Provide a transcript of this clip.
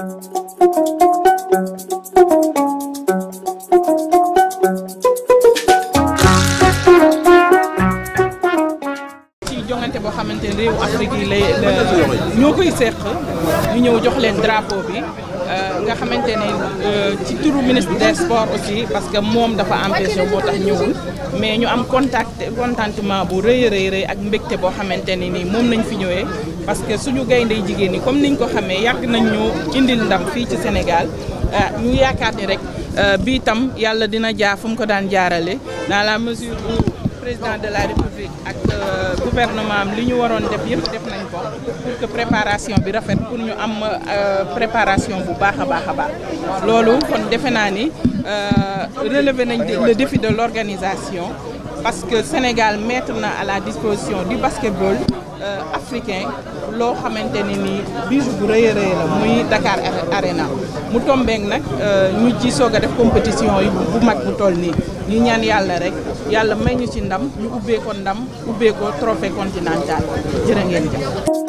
Thank you. jongante boo xamante ne réewu Afrique yi lay la ñoo koy seq ñu ñëw jox leen drapeau bi euh, nga xamante ne euh, ci turu ministre des sports aussi parce que moom dafa empêché moo tax ñëwul mais ñu am contact contentement bu rëy rëy ak mbégte boo xamante ni nii moom nañ fi ñëwee parce que suñu gaynde yi jigéen ñi comme niñ ko xamee yàgg nañ ñu indil ndam fii ci Sénégal euh, ñu yaakaar ni rek bii tam yàlla dina jaar fu ko daan jaarale dans la mesure où président de la République gouvernement am li ñu waroon def yëpp def nañ ko pour que préparation bi rafet pour ñu am euh, préparation bu baax a baax a baax loolu kon defe naa ni euh, relever nañ le défi de l'organisation parce que Sénégal mettre na à la disposition du basketball euh, africain loo xamante ni nii bijou bu rëy a la muy Dakar Arena mu tombeek nag euh, ñu ci soog a def compétition yi bu mag bu toll nii ñu ñaan yàlla rek yàlla may ñu ci ndam ñu ubbee ko ndam ubbee ko trophée continental jërë ngeen jëf